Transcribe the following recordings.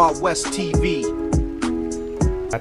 Wild West TV.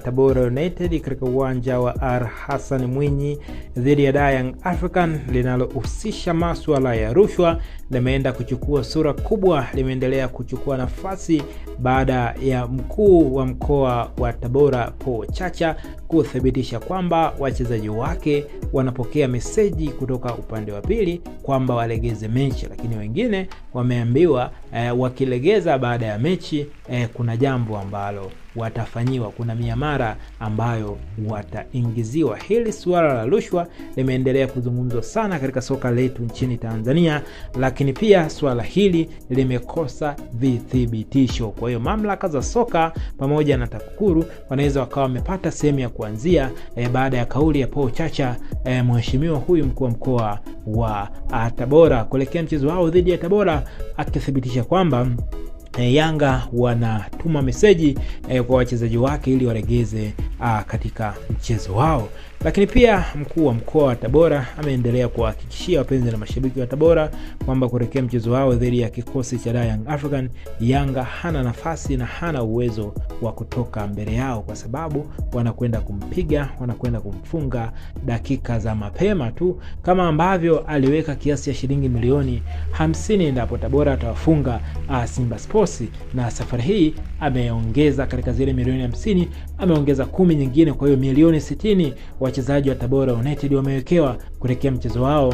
Tabora United katika uwanja wa R Hassan Mwinyi dhidi ya Young African linalohusisha masuala ya rushwa limeenda kuchukua sura kubwa, limeendelea kuchukua nafasi baada ya mkuu wa mkoa wa Tabora po Chacha kuthibitisha kwamba wachezaji wake wanapokea meseji kutoka upande wa pili kwamba walegeze mechi, lakini wengine wameambiwa eh, wakilegeza baada ya mechi eh, kuna jambo ambalo watafanyiwa, kuna miamara ambayo wataingiziwa. Hili suala la rushwa limeendelea kuzungumzwa sana katika soka letu nchini Tanzania, lakini pia suala hili limekosa vithibitisho. Kwa hiyo mamlaka za soka pamoja na TAKUKURU wanaweza wakawa wamepata sehemu ya kuanzia eh, baada ya kauli ya Paul Chacha eh, mheshimiwa huyu mkuu wa mkoa wa ah, Tabora kuelekea mchezo wao dhidi ya Tabora akithibitisha kwamba Eh, Yanga wanatuma meseji eh, kwa wachezaji wake ili waregeze aa, ah, katika mchezo wao. Lakini pia mkuu wa mkoa wa Tabora ameendelea kuwahakikishia wapenzi na mashabiki wa Tabora kwamba kuelekea mchezo wao dhidi ya kikosi cha Young African, Yanga hana nafasi na hana uwezo wa kutoka mbele yao, kwa sababu wanakwenda kumpiga, wanakwenda kumfunga dakika za mapema tu, kama ambavyo aliweka kiasi cha shilingi milioni 50 ndipo Tabora atawafunga uh, Simba Sports, na safari hii ameongeza katika zile milioni 50 ameongeza 10 kumi nyingine, kwa hiyo milioni 60 wachezaji wa Tabora United wamewekewa kuelekea mchezo wao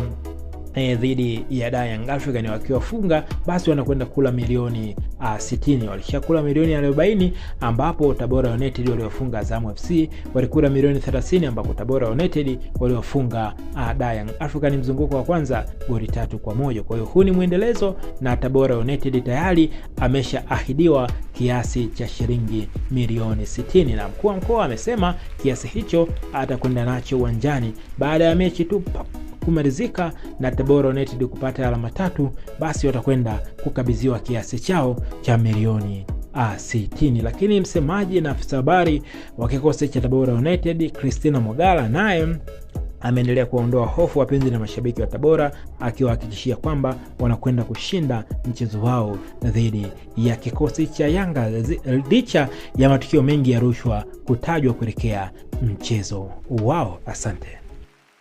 eh, dhidi ya africa ni wakiwafunga basi wanakwenda kula milioni 60 ah, walishakula milioni 40 ambapo Tabora United waliofunga Azam FC walikula milioni 30 ambapo Tabora United waliofunga uh, ah, African mzunguko wa kwanza goli tatu kwa moja. Kwa hiyo huu ni mwendelezo na Tabora United tayari ameshaahidiwa kiasi cha shilingi milioni 60 na mkuu wa mkoa amesema kiasi hicho atakwenda nacho uwanjani baada ya mechi tu kumalizika na Tabora United kupata alama tatu, basi watakwenda kukabidhiwa kiasi chao cha milioni a ah, sitini. Lakini msemaji na afisa habari wa kikosi cha Tabora United Christina Mogala naye ameendelea kuwaondoa hofu wapenzi na mashabiki wa Tabora akiwahakikishia kwamba wanakwenda kushinda mchezo wao dhidi ya kikosi cha Yanga licha ya matukio mengi ya rushwa kutajwa kuelekea mchezo wao. Asante.